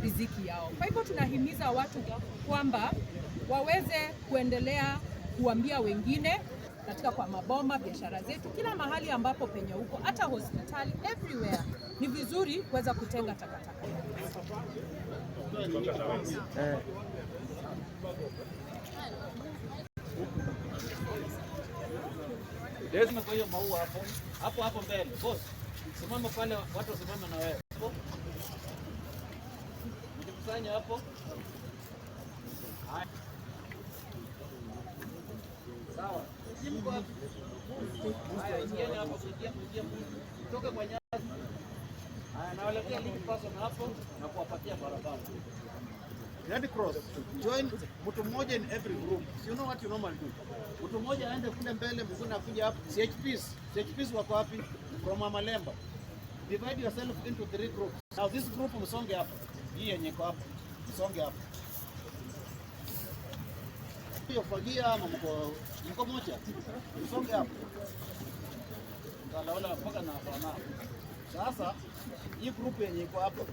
riziki yao. Kwa hivyo tunahimiza watu kwamba waweze kuendelea kuambia wengine katika kwa maboma, biashara zetu, kila mahali ambapo penye huko, hata hospitali, everywhere ni vizuri kuweza kutenga takataka. Eh. Lazima kwa hiyo maua hapo hapo hapo mbele. Boss, simama pale, watu wasimame na wewe kusanya hapo. Red Cross join mtu mmoja in every group. You know what you normally do. Mtu mmoja aende kule mbele, mwingine akuja hapo. CHPs, CHPs wako wapi? From Amalemba. Divide yourself into three groups. Now this group msonge hapo hii yenye hapo, msonge hapo hiyo fagia, mko mko moja, msonge hapo ngalaola mpaka na bwana. Sasa hii group yenye iko hapo